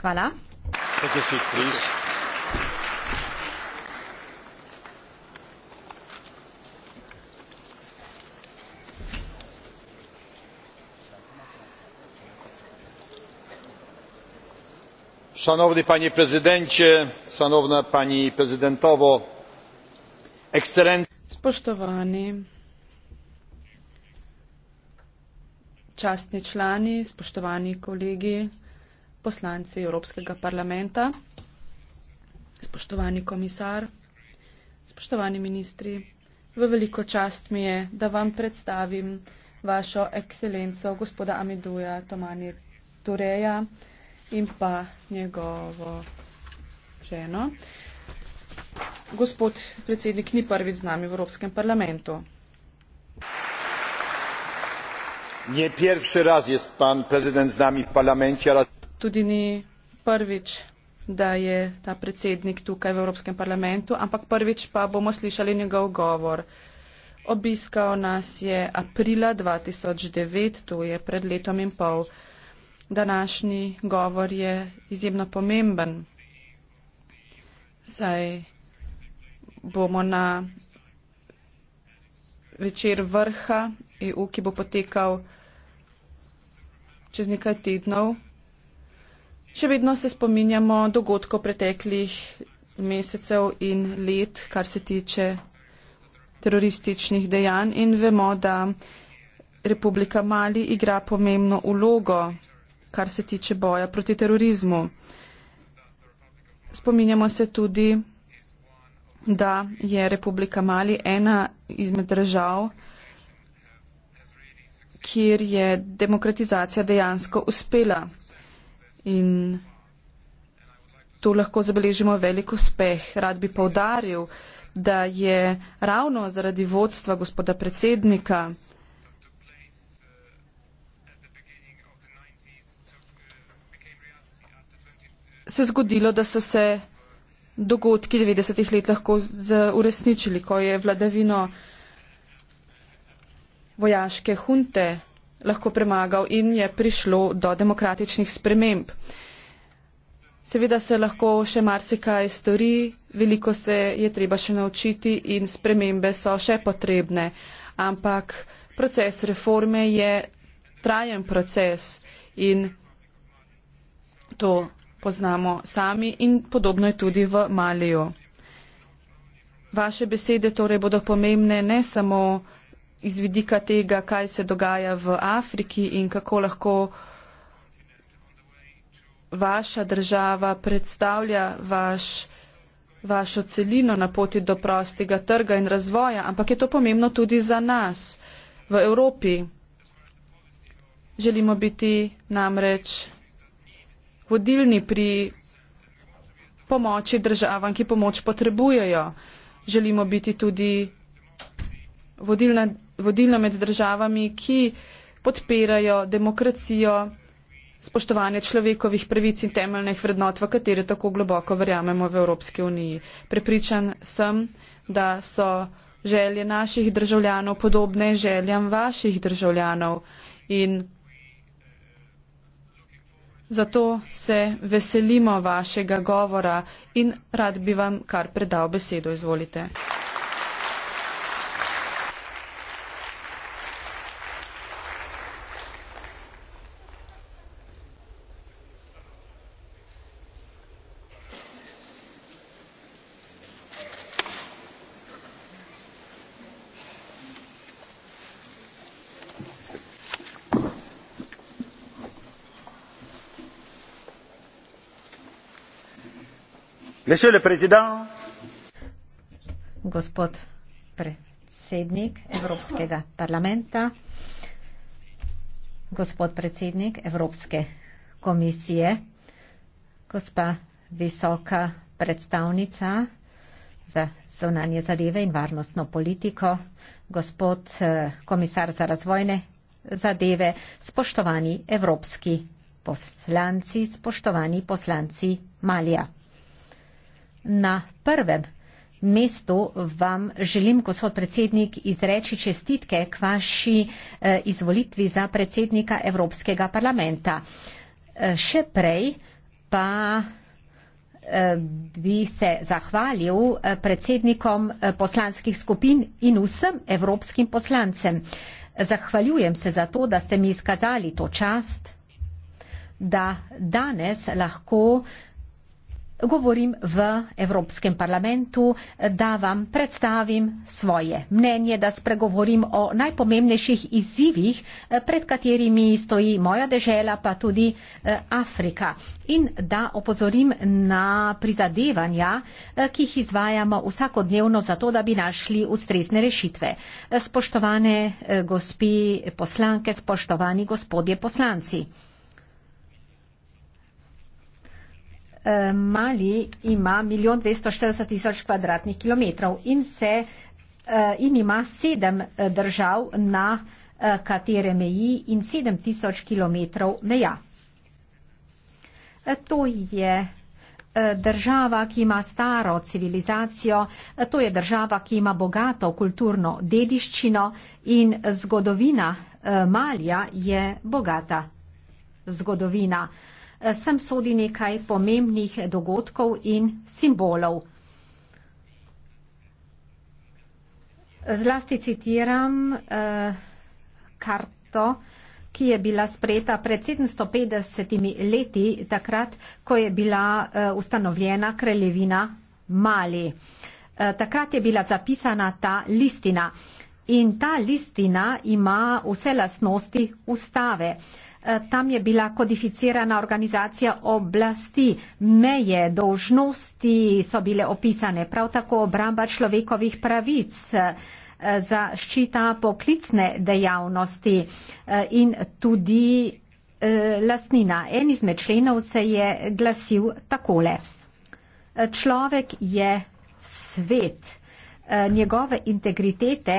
Hvala. Szanowny Panie Prezydencie, Szanowna Pani Prezydentowo, Spoštovani častni člani, spoštovani kolegi, poslanci Evropskega parlamenta, spoštovani komisar, spoštovani ministri, v veliko čast mi je, da vam predstavim vašo ekscelenco gospoda Amiduja Tomani Tureja in pa njegovo ženo. Gospod predsednik ni prvič z nami v Evropskem parlamentu. Nie pierwszy raz jest pan prezydent z nami w parlamencie, ale tudi ni prvič, da je ta predsednik tukaj v Evropskem parlamentu, ampak prvič pa bomo slišali njegov govor. Obiskal nas je aprila 2009, to je pred letom in pol. Današnji govor je izjemno pomemben. Zdaj bomo na večer vrha EU, ki bo potekal čez nekaj tednov Še vedno se spominjamo dogodkov preteklih mesecev in let, kar se tiče terorističnih dejanj in vemo, da Republika Mali igra pomembno ulogo, kar se tiče boja proti terorizmu. Spominjamo se tudi, da je Republika Mali ena izmed držav, kjer je demokratizacija dejansko uspela in to lahko zabeležimo velik uspeh. Rad bi povdaril, da je ravno zaradi vodstva gospoda predsednika se zgodilo, da so se dogodki 90-ih let lahko uresničili, ko je vladavino vojaške hunte lahko premagal in je prišlo do demokratičnih sprememb. Seveda se lahko še marsikaj stori, veliko se je treba še naučiti in spremembe so še potrebne, ampak proces reforme je trajen proces in to poznamo sami in podobno je tudi v Maliju. Vaše besede torej bodo pomembne ne samo iz vidika tega, kaj se dogaja v Afriki in kako lahko vaša država predstavlja vaš, vašo celino na poti do prostega trga in razvoja, ampak je to pomembno tudi za nas v Evropi. Želimo biti namreč vodilni pri pomoči državam, ki pomoč potrebujejo. Želimo biti tudi vodilna vodilna med državami, ki podpirajo demokracijo, spoštovanje človekovih pravic in temeljnih vrednot, v katere tako globoko verjamemo v Evropski uniji. Prepričan sem, da so želje naših državljanov podobne željam vaših državljanov in zato se veselimo vašega govora in rad bi vam kar predal besedo. Izvolite. monsieur le président gospod predsednik evropskega parlamenta gospod predsednik evropske komisije gospa visoka predstavnica za zunanje zadeve in varnostno politiko gospod eh, komisar za razvojne zadeve spoštovani evropski poslanci spoštovani poslanci malja na prvem mestu vam želim, gospod predsednik, izreči čestitke k vaši eh, izvolitvi za predsednika Evropskega parlamenta. Eh, še prej pa eh, bi se zahvalil predsednikom poslanskih skupin in vsem evropskim poslancem. Zahvaljujem se za to, da ste mi izkazali to čast, da danes lahko uh, govorim v Evropskem parlamentu, da vam predstavim svoje mnenje, da spregovorim o najpomembnejših izzivih, pred katerimi stoji moja dežela, pa tudi eh, Afrika. In da opozorim na prizadevanja, eh, ki jih izvajamo vsakodnevno zato, da bi našli ustrezne rešitve. Eh, spoštovane gospi poslanke, spoštovani gospodje poslanci. Eh, Mali ima milijon 240 tisoč kvadratnih kilometrov in, se, eh, in ima sedem eh, držav, na katere meji in sedem tisoč kilometrov meja. To je država, ki ima staro civilizacijo, to je država, ki ima bogato kulturno dediščino in zgodovina Malja je bogata zgodovina sem sodi nekaj pomembnih dogodkov in simbolov. Zlasti citiram eh, karto, ki je bila sprejeta pred 750 leti, takrat, ko je bila eh, ustanovljena kraljevina Mali. Eh, takrat je bila zapisana ta listina in ta listina ima vse lasnosti ustave. Eh, Eh, tam je bila kodificirana organizacija oblasti, meje, dolžnosti so bile opisane, prav tako obramba človekovih pravic, eh, zaščita poklicne dejavnosti eh, in tudi lasnina. En izmed členov se je glasil takole. Človek je svet. Njegove integritete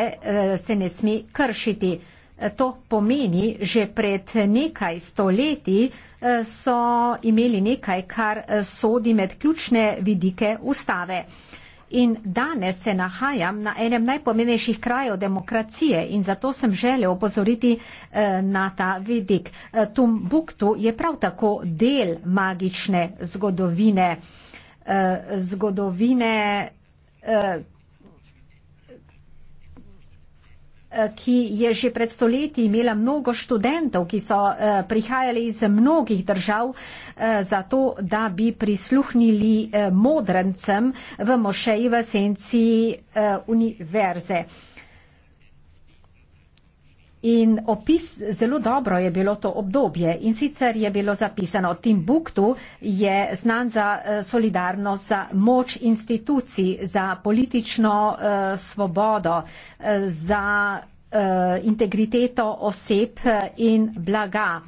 se ne sme kršiti. To pomeni, že pred nekaj stoletji eh, so imeli nekaj, kar eh, sodi med ključne vidike ustave. In danes se nahajam na enem najpomenejših krajev demokracije in zato sem želel opozoriti eh, na ta vidik. Tumbuktu je prav tako del magične zgodovine, zgodovine Eh, ki je že pred stoletji imela mnogo študentov, ki so eh, prihajali iz mnogih držav, eh, zato da bi prisluhnili modrencem v mošeji v senci univerze. In opis, zelo dobro je bilo to obdobje in sicer je bilo zapisano, Timbuktu je znan za eh, solidarnost, za moč institucij, za politično uh, svobodo, eh, za uh, integriteto oseb in blaga,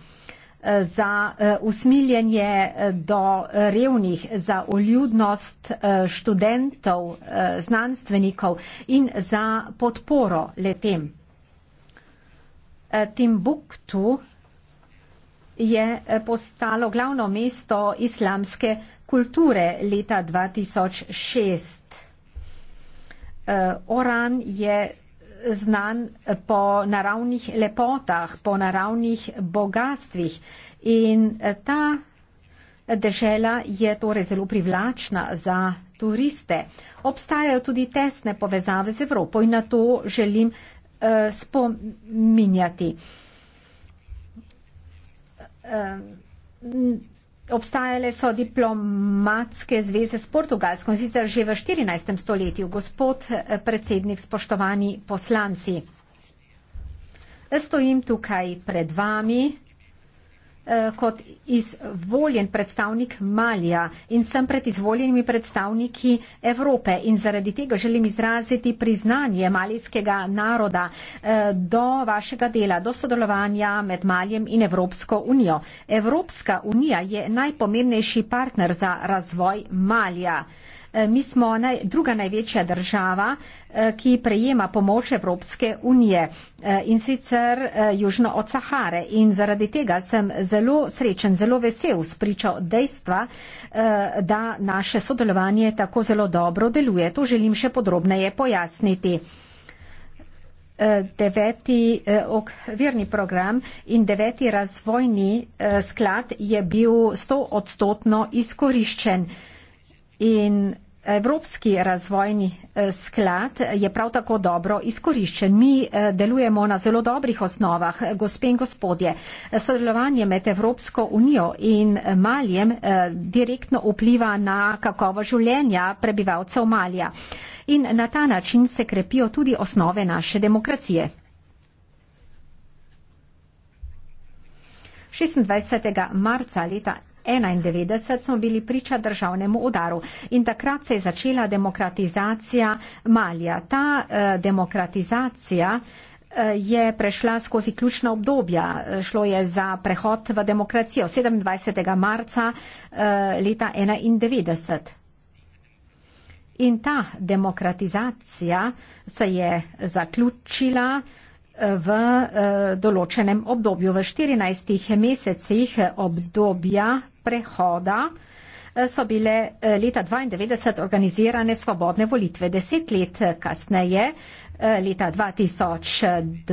za uh, usmiljenje do revnih, za uljudnost študentov, znanstvenikov in za podporo letem. Timbuktu je eh, postalo glavno mesto islamske kulture leta 2006. Eh, Oran je znan eh, po naravnih lepotah, po naravnih bogatstvih in ta dežela je torej zelo privlačna za turiste. Obstajajo tudi tesne povezave z Evropo in na to želim spominjati. Obstajale so diplomatske zveze s Portugalsko in sicer že v 14. stoletju, gospod eh, predsednik, spoštovani poslanci. Stojim tukaj pred vami. Eh, kot izvoljen predstavnik Malija in sem pred izvoljenimi predstavniki Evrope in zaradi tega želim izraziti priznanje malijskega naroda eh, do vašega dela, do sodelovanja med Malijem in Evropsko unijo. Evropska unija je najpomembnejši partner za razvoj Malija. Eh, mi smo naj, druga največja država, eh, ki prejema pomoč Evropske unije eh, in sicer južno od Sahare. In zaradi tega sem zelo srečen, zelo vesel spričo dejstva, da naše sodelovanje tako zelo dobro deluje. To želim še podrobneje pojasniti. Deveti okvirni program in deveti razvojni sklad je bil 100 odstotno izkoriščen. In Evropski razvojni eh, sklad je prav tako dobro izkoriščen. Mi eh, delujemo na zelo dobrih osnovah, gospe in gospodje. Sodelovanje med Evropsko unijo in eh, Malijem direktno vpliva na kakovo življenja prebivalcev Malija. In na ta način se krepijo tudi osnove naše demokracije. 26. marca leta 1991 smo bili priča državnemu udaru in takrat se je začela demokratizacija Malja. Ta eh, demokratizacija eh, je prešla skozi ključna obdobja. Šlo je za prehod v demokracijo 27. marca eh, leta 1991. In ta demokratizacija se je zaključila v eh, določenem obdobju. V 14 mesecih obdobja prehoda eh, so bile eh, leta 1992 organizirane svobodne volitve. Deset let kasneje, leta 2002,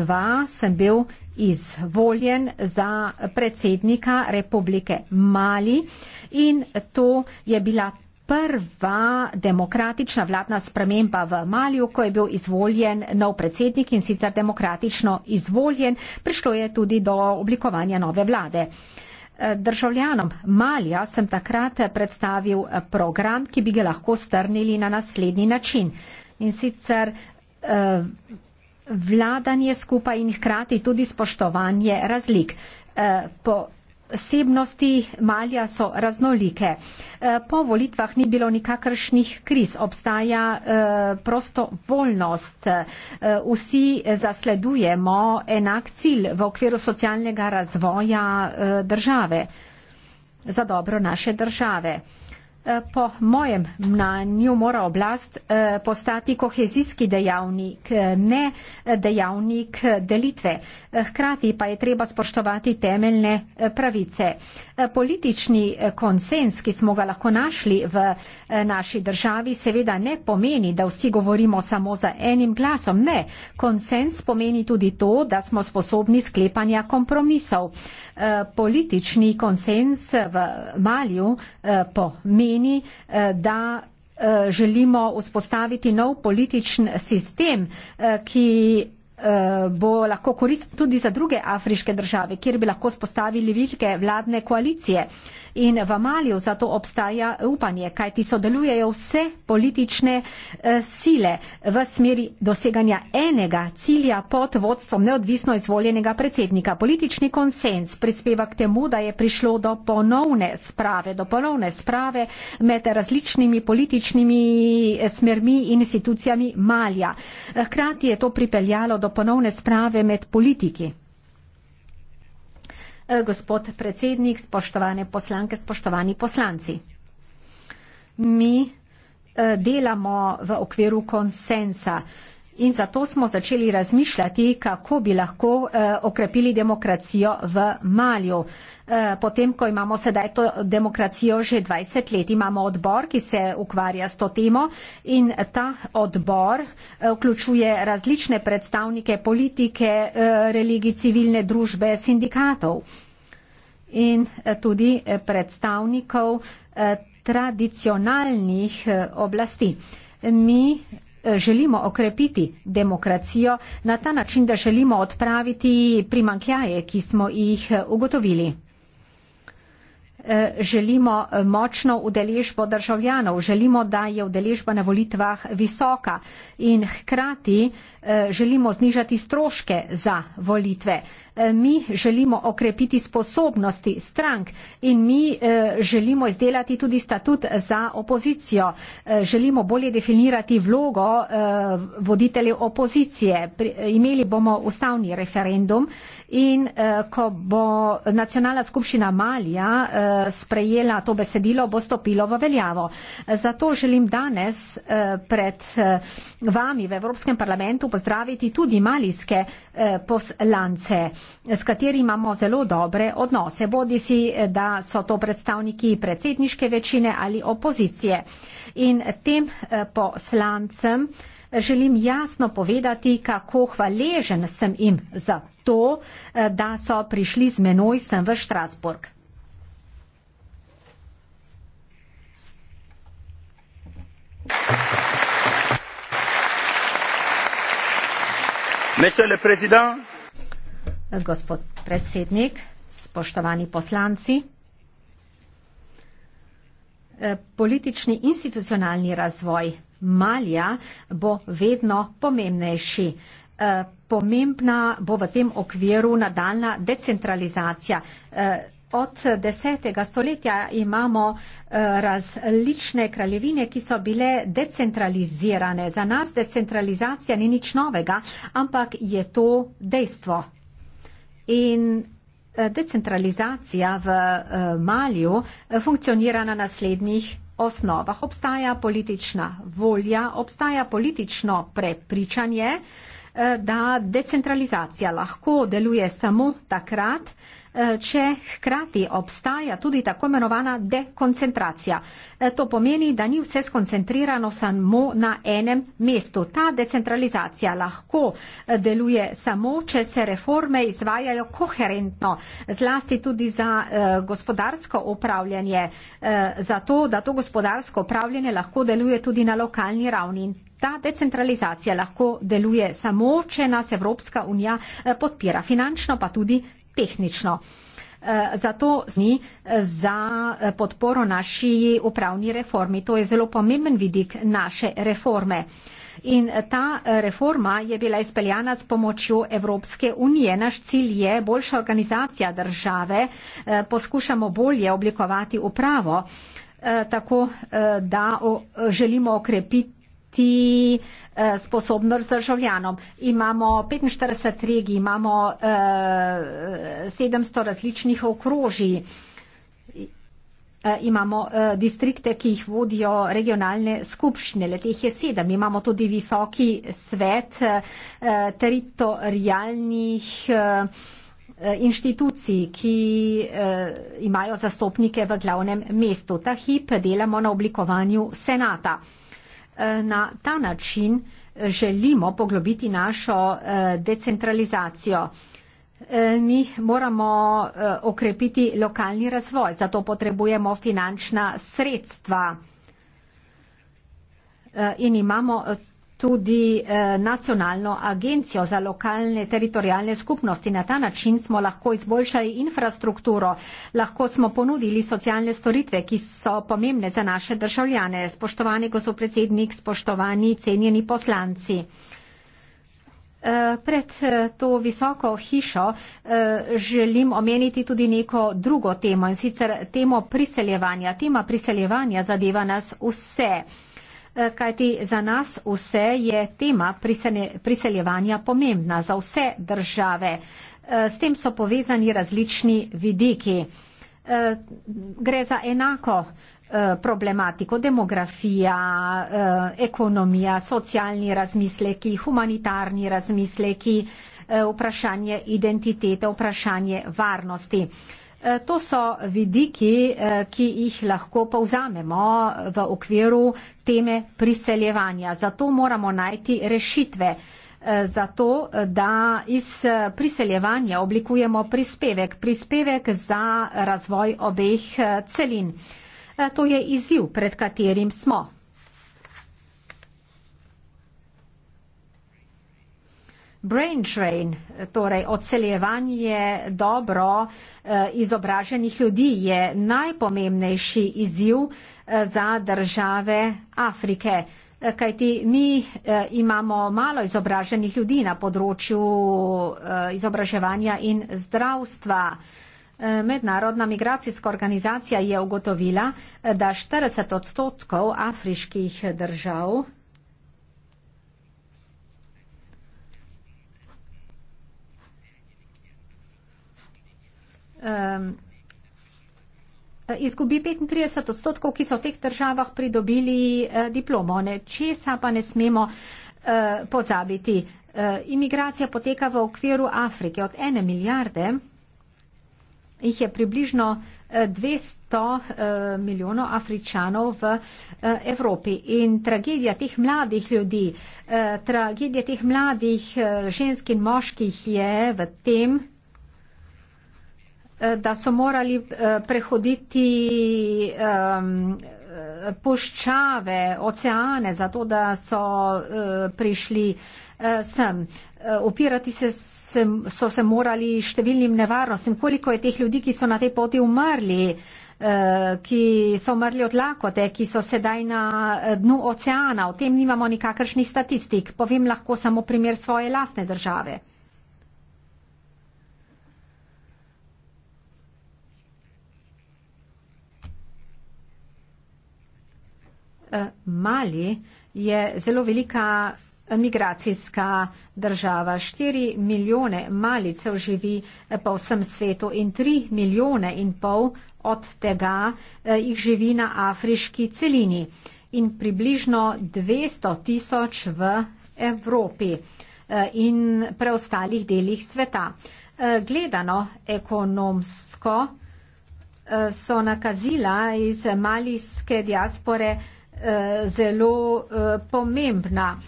sem bil izvoljen za predsednika Republike Mali in to je bila prva demokratična vladna sprememba v Maliju, ko je bil izvoljen nov predsednik in sicer demokratično izvoljen, prišlo je tudi do oblikovanja nove vlade. Državljanom Malja sem takrat predstavil program, ki bi ga lahko strnili na naslednji način. In sicer eh, vladanje skupaj in hkrati tudi spoštovanje razlik. Eh, po osebnosti Malja so raznolike. E, po volitvah ni bilo nikakršnih kriz, obstaja e, prosto volnost. E, vsi zasledujemo enak cilj v okviru socialnega razvoja države, za dobro naše države. Eh, po mojem mnanju mora oblast eh, postati kohezijski dejavnik, eh, ne dejavnik delitve. Hkrati pa je treba spoštovati temeljne pravice. Politični konsens, ki smo ga lahko našli v naši državi, seveda ne pomeni, da vsi govorimo samo za enim glasom. Ne, konsens pomeni tudi to, da smo sposobni sklepanja kompromisov. Politični konsens v Malju pomeni, pomeni, eh, da eh, želimo vzpostaviti nov političen sistem, eh, ki Eh, bo lahko koristil tudi za druge afriške države, kjer bi lahko spostavili velike vladne koalicije. In v Maliju zato obstaja upanje, kajti sodelujejo vse politične eh, sile v smeri doseganja enega cilja pod vodstvom neodvisno izvoljenega predsednika. Politični konsens prispeva k temu, da je prišlo do ponovne sprave, do ponovne sprave med različnimi političnimi eh, smermi in institucijami Malja. Hkrati je to pripeljalo do ponovne sprave med politiki. E, gospod predsednik, spoštovane poslanke, spoštovani poslanci. Mi e, delamo v okviru konsensa in zato smo začeli razmišljati, kako bi lahko eh, okrepili demokracijo v Malju. Eh, potem, ko imamo sedaj to demokracijo že 20 let, imamo odbor, ki se ukvarja s to temo in ta odbor eh, vključuje različne predstavnike politike, eh, religij, civilne družbe, sindikatov in eh, tudi eh, predstavnikov eh, tradicionalnih eh, oblasti. Mi želimo okrepiti demokracijo na ta način, da želimo odpraviti primankljaje, ki smo jih eh, ugotovili. Eh, želimo eh, močno udeležbo državljanov, želimo, da je udeležba na volitvah visoka in hkrati Eh, želimo znižati stroške za volitve. Eh, mi želimo okrepiti sposobnosti strank in mi eh, želimo izdelati tudi statut za opozicijo. Želimo bolje definirati vlogo voditeljev opozicije. Imeli bomo ustavni referendum in ko bo nacionalna skupščina Malija sprejela to besedilo, bo stopilo v veljavo. Zato želim danes pred vami v Evropskem parlamentu pozdraviti tudi malijske eh, poslance, s katerimi imamo zelo dobre odnose, bodi si, eh, da so to predstavniki predsedniške večine ali opozicije. In tem eh, poslancem želim jasno povedati, kako hvaležen sem jim za to, da so prišli z menoj sem v Štrasburg. Thank you. Gospod predsednik, spoštovani poslanci, politični institucionalni razvoj Malja bo vedno pomembnejši. Pomembna bo v tem okviru nadaljna decentralizacija od desetega stoletja imamo eh, različne kraljevine, ki so bile decentralizirane. Za nas decentralizacija ni nič novega, ampak je to dejstvo. In eh, decentralizacija v eh, Malju funkcionira na naslednjih osnovah. Obstaja politična volja, obstaja politično prepričanje, Eh, da decentralizacija lahko deluje samo takrat, eh, če hkrati obstaja tudi tako imenovana dekoncentracija. Eh, to pomeni, da ni vse skoncentrirano samo na enem mestu. Ta decentralizacija lahko deluje samo, če se reforme izvajajo koherentno, zlasti tudi za gospodarsko upravljanje, zato da to gospodarsko upravljanje lahko deluje tudi na lokalni ravni. In Ta decentralizacija lahko deluje samo, če nas Evropska unija eh, podpira finančno, pa tudi tehnično. Eh, zato zni eh, za podporo naši upravni reformi. To je zelo pomemben vidik naše reforme. In ta reforma je bila izpeljana s pomočjo Evropske unije. Naš cilj je boljša organizacija države, poskušamo bolje oblikovati upravo, tako da želimo okrepiti ti eh, sposobno državljanom. Imamo 45 regij, imamo 700 eh, različnih okrožij, eh, imamo distrikte, ki jih vodijo regionalne skupščine, le teh je sedem. Imamo tudi visoki svet teritorijalnih inštitucij, ki imajo zastopnike v glavnem mestu. Ta hip delamo na oblikovanju senata. Eh, na ta način eh, želimo poglobiti našo eh, decentralizacijo. Mi moramo okrepiti lokalni razvoj, zato potrebujemo finančna sredstva in imamo tudi eh, nacionalno agencijo za lokalne teritorijalne skupnosti. Na ta način smo lahko izboljšali infrastrukturo, lahko smo ponudili socialne storitve, ki so pomembne za naše državljane. Spoštovani gospodpredsednik, spoštovani cenjeni poslanci. Eh, pred eh, to visoko hišo eh, želim omeniti tudi neko drugo temo in sicer temo priseljevanja. Tema priseljevanja zadeva nas vse. Eh, kajti za nas vse je tema priseljevanja pomembna, za vse države. Eh, s tem so povezani različni vidiki. Eh, gre za enako problematiko, demografija, ekonomija, socialni razmisleki, humanitarni razmisleki, vprašanje identitete, vprašanje varnosti. Eh, to so vidiki, eh, ki jih lahko povzamemo eh, v okviru teme priseljevanja. Zato moramo najti rešitve za to, da iz priseljevanja oblikujemo prispevek, prispevek za razvoj obeh celin. To je izziv, pred katerim smo. brain drain, torej odseljevanje dobro eh, izobraženih ljudi je najpomembnejši izziv eh, za države Afrike. Eh, kajti mi imamo malo izobraženih ljudi na področju izobraževanja in zdravstva. Mednarodna migracijska organizacija je ugotovila, da 40 odstotkov afriških držav um, izgubi 35 odstotkov, ki so v teh državah pridobili uh, diplomo. Ne? Česa pa ne smemo uh, pozabiti? Uh, imigracija poteka v okviru Afrike. Od ene milijarde jih je približno 200 uh, milijonov Afričanov v uh, Evropi. In tragedija teh mladih ljudi, uh, tragedija teh mladih uh, žensk in moških je v tem, Eh, da so morali eh, prehoditi poščave, oceane, zato da so eh, prišli sem. Opirati se so se morali številnim nevarnostim, koliko je teh ljudi, ki so na tej poti umrli, ki so umrli od lakote, ki so sedaj na dnu oceana. O tem nimamo nikakršnih statistik. Povem lahko samo primer svoje lastne države. Mali je zelo velika migracijska država. 4 milijone malicev živi eh, po vsem svetu in 3 milijone in pol od tega eh, jih živi na afriški celini in približno 200 tisoč v Evropi eh, in preostalih delih sveta. Gledano ekonomsko so nakazila iz malijske diaspore Eh, zelo eh, pomembna.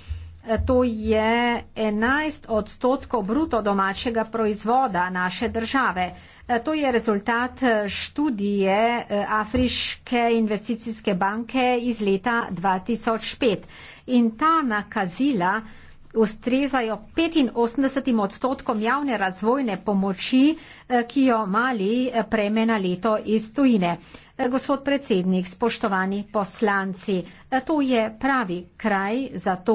Eh, to je 11 odstotkov bruto domačega proizvoda naše države. To je rezultat študije Afriške investicijske banke iz leta 2005. In ta nakazila ustrezajo 85 odstotkom javne razvojne pomoči, ki jo mali prejme na leto iz tujine. Eh, gospod predsednik, spoštovani poslanci, eh, to je pravi kraj za to,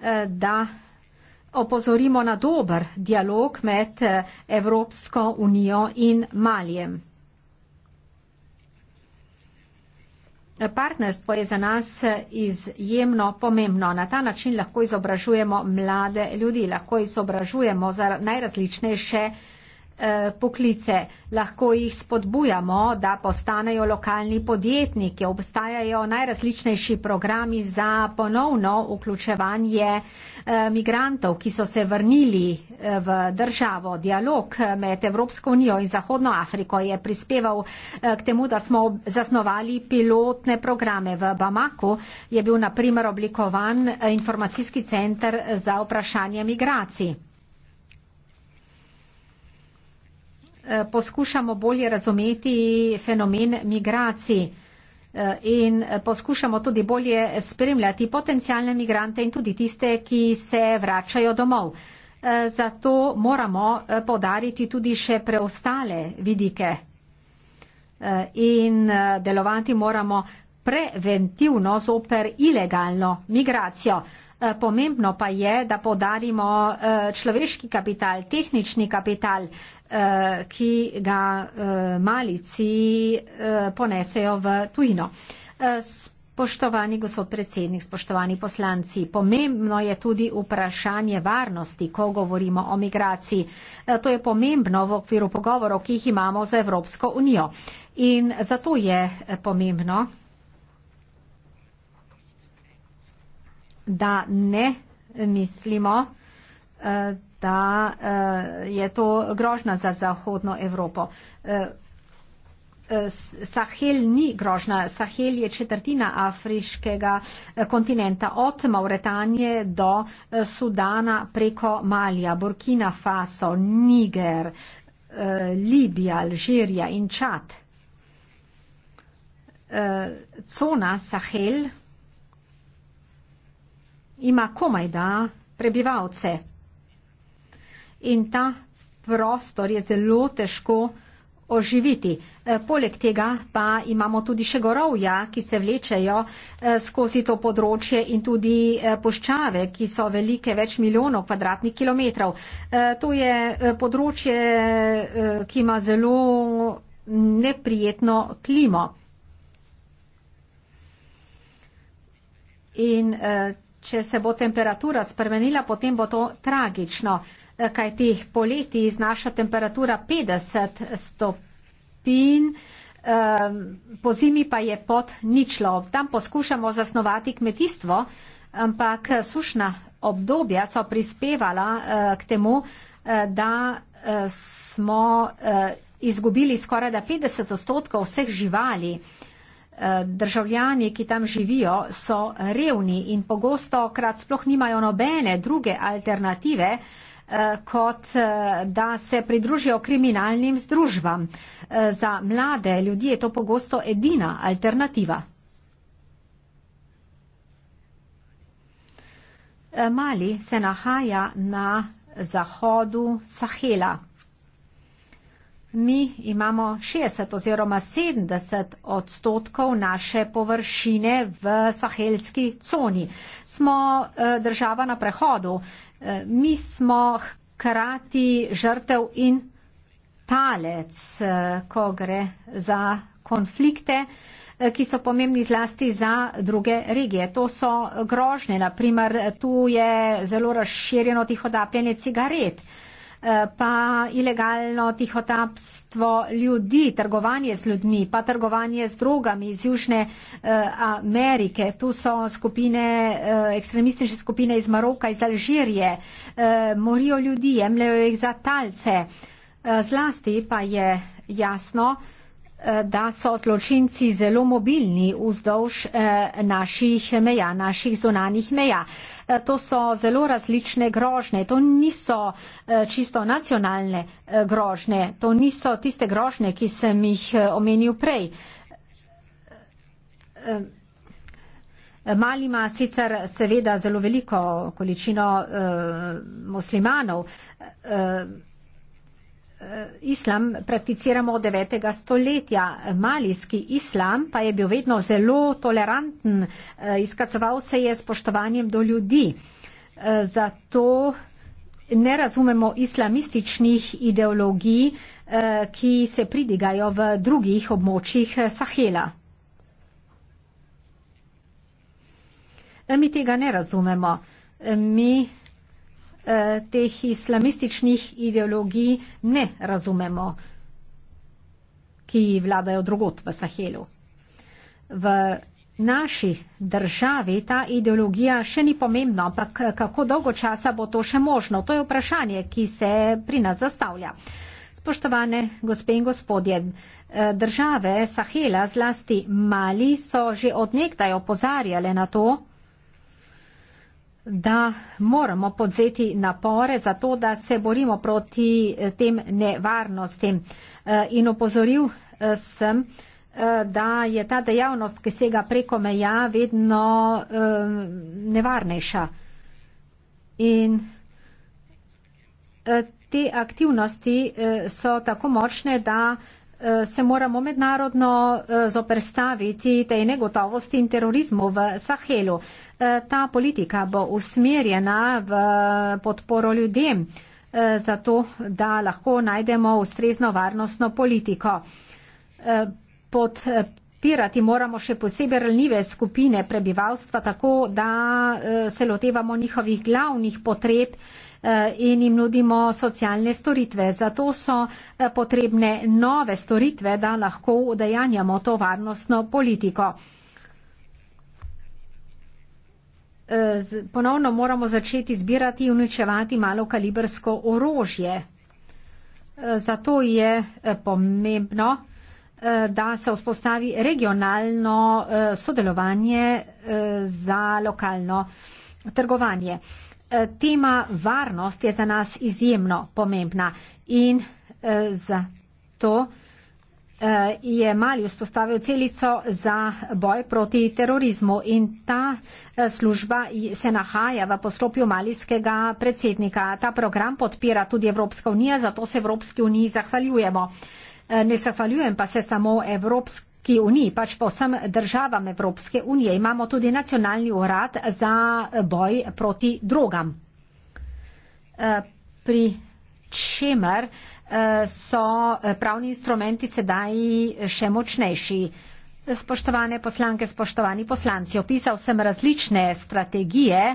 eh, da opozorimo na dober dialog med Evropsko unijo in Malijem. Partnerstvo je za nas izjemno pomembno. Na ta način lahko izobražujemo mlade ljudi, lahko izobražujemo za najrazličnejše Eh, poklice. Lahko jih spodbujamo, da postanejo lokalni podjetniki. Obstajajo najrazličnejši programi za ponovno vključevanje eh, migrantov, ki so se vrnili eh, v državo. Dialog med Evropsko unijo in Zahodno Afriko je prispeval k temu, da smo zasnovali pilotne programe. V Bamaku je bil naprimer oblikovan informacijski center za vprašanje migracij. Eh, poskušamo bolje razumeti fenomen migracij eh, in eh, poskušamo tudi bolje spremljati potencijalne migrante in tudi tiste, ki se vračajo domov. Zato moramo podariti tudi še preostale vidike in delovati moramo preventivno zoper ilegalno migracijo. Eh, pomembno pa je, da podarimo eh, človeški kapital, tehnični kapital, eh, ki ga malici ponesejo v tujino. Spoštovani gospod predsednik, spoštovani poslanci, pomembno je tudi vprašanje varnosti, ko govorimo o migraciji. To je pomembno v okviru pogovorov, ki jih imamo z Evropsko unijo. In zato je pomembno, da ne mislimo, eh, da eh, je to grožna za Zahodno Evropo. Eh, Sahel ni grožna. Sahel je četrtina afriškega kontinenta od Mauretanije do Sudana preko Malija, Burkina Faso, Niger, Libija, Alžirija in Čad. Cona Sahel ima komaj da prebivalce. In ta prostor je zelo težko oživiti. E, poleg tega pa imamo tudi še gorovja, ki se vlečejo e, skozi to področje in tudi e, poščave, ki so velike več milijonov kvadratnih kilometrov. To je področje, ki ima zelo neprijetno klimo. In če se bo temperatura spremenila, potem bo to tragično, kajti poleti znaša temperatura 50 stopin. Ehm, po zimi pa je pot ničlo. Tam poskušamo zasnovati kmetijstvo, ampak sušna obdobja so prispevala eh, k temu, eh, da eh, smo izgubili skoraj 50 odstotkov vseh živali. Eh, državljani, ki tam živijo, so revni in pogosto krat sploh nimajo nobene druge alternative, eh, kot eh, da se pridružijo kriminalnim združbam. Za mlade ljudi je to pogosto edina alternativa. Mali se nahaja na zahodu Sahela mi imamo 60 oziroma 70 odstotkov naše površine v sahelski coni. Smo eh, država na prehodu, eh, mi smo hkrati žrtev in talec, eh, ko gre za konflikte ki so pomembni zlasti za druge regije. To so grožne, naprimer tu je zelo razširjeno tihodapljanje cigaret. Uh, pa ilegalno tihotapstvo ljudi, trgovanje z ljudmi, pa trgovanje z drogami iz Južne eh, Amerike. Tu so skupine, eh, ekstremistične skupine iz Maroka, iz Alžirije, eh, morijo ljudi, jemljajo jih za talce. Zlasti pa je jasno, da so zločinci zelo mobilni vzdolž eh, naših meja, naših zunanih meja. Eh, to so zelo različne grožne, to niso eh, čisto nacionalne grožne, to niso tiste grožne, ki sem jih omenil prej. Mali ima sicer seveda zelo veliko količino uh, muslimanov. Uh, Eh, islam prakticiramo od 9. stoletja. Malijski islam pa je bil vedno zelo toleranten, eh, izkazoval se je spoštovanjem do ljudi. Eh, zato ne razumemo islamističnih ideologij, ki se pridigajo v drugih območjih Sahela. Mi tega ne razumemo. Mi Eh, teh islamističnih ideologij ne razumemo, ki vladajo drugot v Sahelu. V naši državi ta ideologija še ni pomembna, ampak kako dolgo časa bo to še možno? To je vprašanje, ki se pri nas zastavlja. Spoštovane gospe in gospodje, eh, države Sahela, zlasti Mali, so že od nekdaj opozarjale na to, da moramo podzeti napore za to, da se borimo proti eh, tem nevarnostim. Eh, in opozoril eh, sem, da je ta dejavnost, ki sega preko meja, vedno nevarnejša. In te aktivnosti so tako močne, da Eh, se moramo mednarodno eh, zoprstaviti tej negotovosti in terorizmu v Sahelu. Eh, ta politika bo usmerjena v podporo ljudem, zato da lahko najdemo ustrezno varnostno politiko. Pod podpirati moramo še posebej rljive skupine prebivalstva, tako da eh, se lotevamo njihovih glavnih potreb eh, in jim nudimo socialne storitve. Zato so eh, potrebne nove storitve, da lahko udejanjamo to varnostno politiko. Ponovno moramo začeti zbirati in uničevati malokalibrsko orožje. Zato je pomembno, Eh, da se vzpostavi regionalno eh, sodelovanje eh, za lokalno trgovanje. Tema varnost je za nas izjemno pomembna in zato je Mali vzpostavil celico za boj proti terorizmu in ta služba se nahaja v poslopju malijskega predsednika. Ta program podpira tudi Evropska unija, zato se Evropski uniji zahvaljujemo. Eh, ne zahvaljujem pa se samo Evropske ki uniji, pač pa vsem državam Evropske unije. Imamo tudi nacionalni urad za boj proti drogam, eh, pri čemer eh, so pravni instrumenti sedaj še močnejši. Spoštovane poslanke, spoštovani poslanci, opisal sem različne strategije,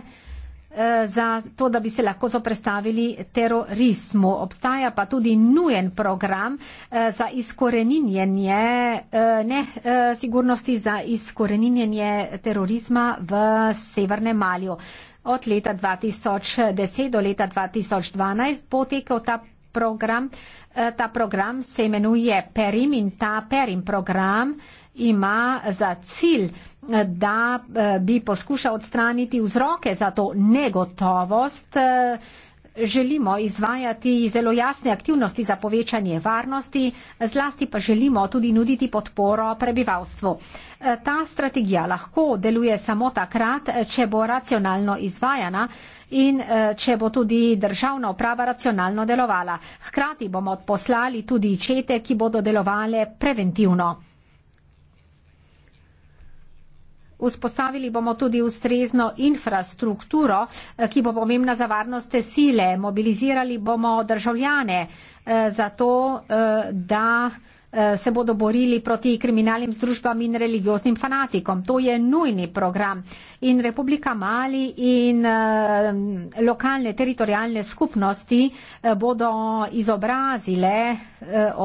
Eh, za to, da bi se lahko zoprestavili terorizmu. Obstaja pa tudi nujen program eh, za izkoreninjenje, eh, ne, sigurnosti za izkoreninjenje terorizma v Severnem Malju. Od leta 2010 do leta 2012 bo tekel ta program. Ta program se imenuje Perim in ta Perim program ima za cilj da eh, bi poskušal odstraniti vzroke za to negotovost, eh, želimo izvajati zelo jasne aktivnosti za povečanje varnosti, zlasti pa želimo tudi nuditi podporo prebivalstvu. Eh, ta strategija lahko deluje samo takrat, če bo racionalno izvajana in če bo tudi državna uprava racionalno delovala. Hkrati bomo odposlali tudi čete, ki bodo delovale preventivno. Vzpostavili bomo tudi ustrezno infrastrukturo, eh, ki bo pomembna za varnostne sile. Mobilizirali bomo državljane eh, za to, eh, da se bodo borili proti kriminalnim združbam in religioznim fanatikom. To je nujni program. In Republika Mali in lokalne teritorijalne skupnosti bodo izobrazile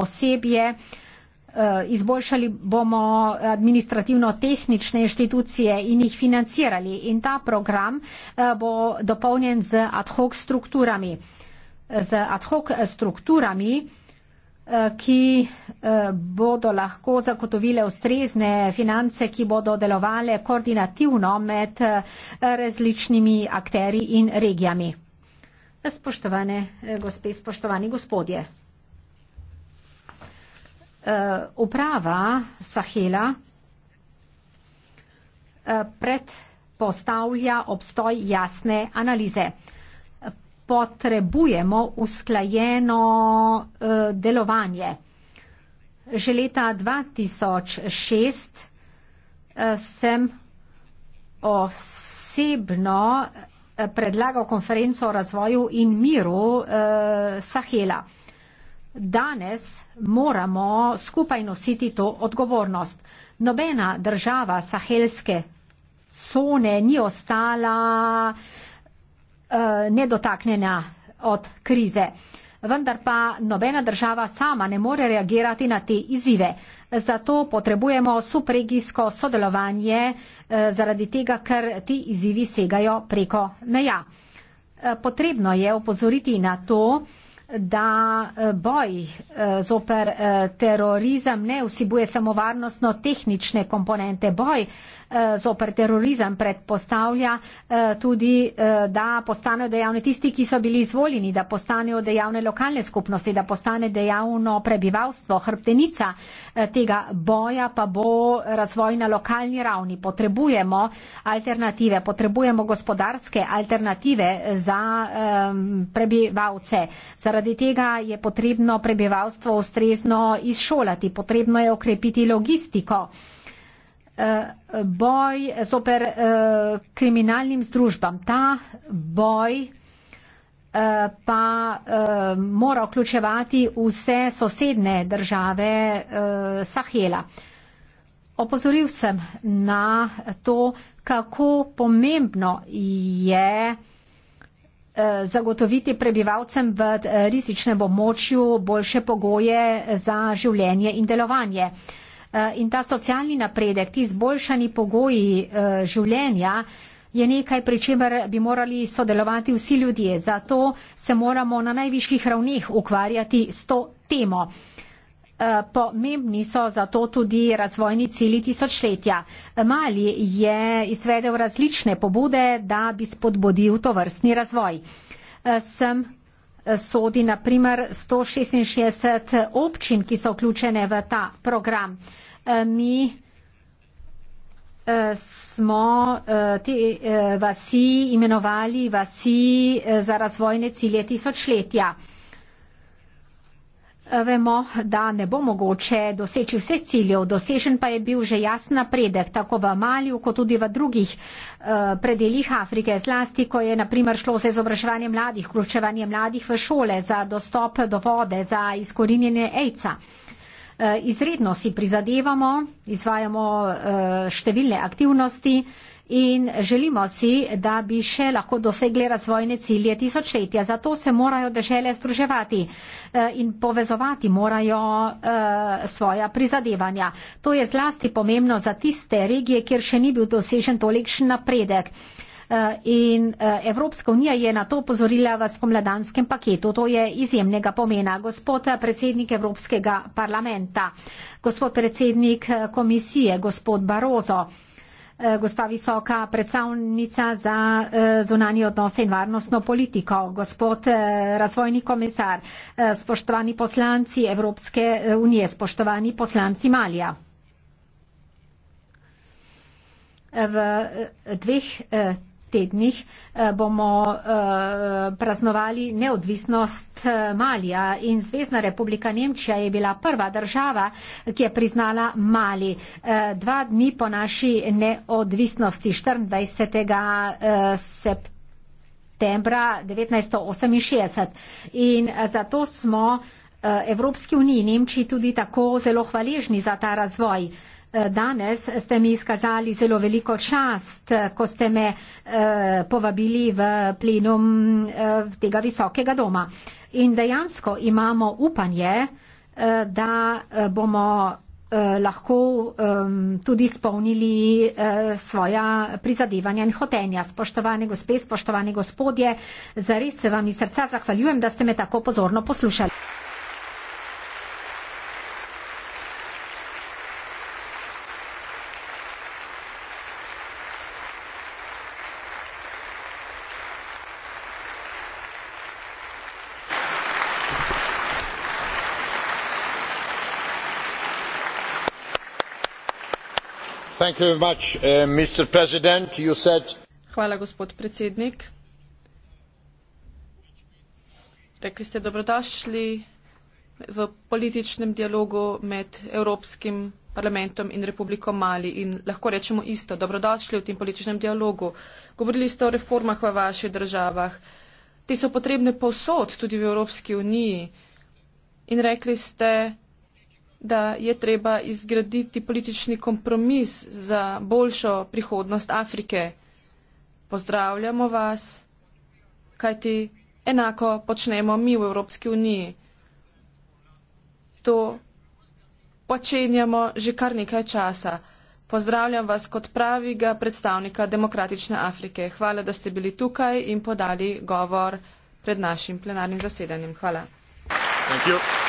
osebje, Eh, izboljšali bomo administrativno-tehnične inštitucije in jih financirali. In ta program eh, bo dopolnjen z ad hoc strukturami. Z ad hoc strukturami eh, ki bodo lahko zagotovile ustrezne finance, ki bodo delovale koordinativno med različnimi akteri in regijami. Spoštovane gospe, spoštovani gospodje. Eh, uprava Sahela eh, predpostavlja obstoj jasne analize. Potrebujemo usklajeno eh, delovanje. Že leta 2006 sem osebno predlagal konferenco o razvoju in miru Sahela danes moramo skupaj nositi to odgovornost. Nobena država sahelske cone ni ostala uh, nedotaknjena od krize. Vendar pa nobena država sama ne more reagirati na te izive. Zato potrebujemo subregijsko sodelovanje eh, zaradi tega, ker ti izivi segajo preko meja. Eh, potrebno je opozoriti na to, da eh, boj eh, zoper eh, terorizem ne vsibuje samo varnostno-tehnične komponente. Boj Eh, zoper terorizem predpostavlja eh, tudi, eh, da postanejo dejavni tisti, ki so bili izvoljeni, da postanejo dejavne lokalne skupnosti, da postane dejavno prebivalstvo. Hrbtenica tega boja pa bo razvoj na lokalni ravni. Potrebujemo alternative, potrebujemo gospodarske alternative za prebivalce. Zaradi tega je potrebno prebivalstvo ustrezno izšolati, potrebno je okrepiti logistiko. Eh, boj zoper uh, kriminalnim združbam. Ta boj eh, pa eh, mora vključevati vse sosedne države eh, Sahela. Opozoril sem na to, kako pomembno je eh, zagotoviti prebivalcem v eh, rizičnem območju boljše pogoje za življenje in delovanje. Eh, Eh, in ta socialni napredek, ti zboljšani pogoji eh, življenja je nekaj, pri čemer bi morali sodelovati vsi ljudje. Zato se moramo na najvišjih ravnih ukvarjati s to temo. Eh, pomembni so zato tudi razvojni cili tisočletja. Mali je izvedel različne pobude, da bi spodbudil to vrstni razvoj. Sem sodi naprimer 166 občin, ki so vključene v ta program. Eh, mi eh, smo eh, te vasi imenovali vasi za razvojne cilje tisočletja vemo, da ne bo mogoče doseči vseh ciljev, dosežen pa je bil že jasen napredek, tako v Maliju, kot tudi v drugih eh, predeljih Afrike, zlasti, ko je naprimer šlo za izobraževanje mladih, vključevanje mladih v šole, za dostop do vode, za izkorinjenje AIDS-a. Eh, izredno si prizadevamo, izvajamo eh, številne aktivnosti, in želimo si, da bi še lahko dosegli razvojne cilje tisočletja. Zato se morajo dežele združevati eh, in povezovati morajo eh, svoja prizadevanja. To je zlasti pomembno za tiste regije, kjer še ni bil dosežen tolikšen napredek. Eh, in Evropska unija je na to pozorila v spomladanskem paketu. To je izjemnega pomena. Gospod predsednik Evropskega parlamenta, gospod predsednik komisije, gospod Barozo, Eh, gospa visoka predstavnica za eh, zunanje odnose in varnostno politiko, gospod eh, razvojni komisar, spoštovani poslanci Evropske unije, spoštovani poslanci Malja. V dveh tednih eh, bomo eh, praznovali neodvisnost eh, Malija in Zvezdna republika Nemčija je bila prva država, ki je priznala Mali. Dva dni po naši neodvisnosti, 24. septembra 1968. In zato smo Evropski uniji Nemčiji tudi tako zelo hvaležni za ta razvoj. Danes ste mi izkazali zelo veliko čast, ko ste me eh, povabili v plenum eh, tega visokega doma. In dejansko imamo upanje, eh, da bomo lahko um, tudi spomnili uh, svoja prizadevanja in hotenja. Spoštovane gospe, spoštovane gospodje, zares se vam iz srca zahvaljujem, da ste me tako pozorno poslušali. Uh, hvala gospod predsednik rekli ste dobrodošli v političnem dialogu med evropskim parlamentom in republiko mali in lahko rečemo isto dobrodošli v tem političnem dialogu govorili ste o reformah v vaših državah te so potrebne povsod tudi v evropski uniji in rekli ste da je treba izgraditi politični kompromis za boljšo prihodnost Afrike. Pozdravljamo vas, kajti enako počnemo mi v Evropski uniji. To počenjamo že kar nekaj časa. Pozdravljam vas kot pravega predstavnika demokratične Afrike. Hvala, da ste bili tukaj in podali govor pred našim plenarnim zasedanjem. Hvala. Thank you.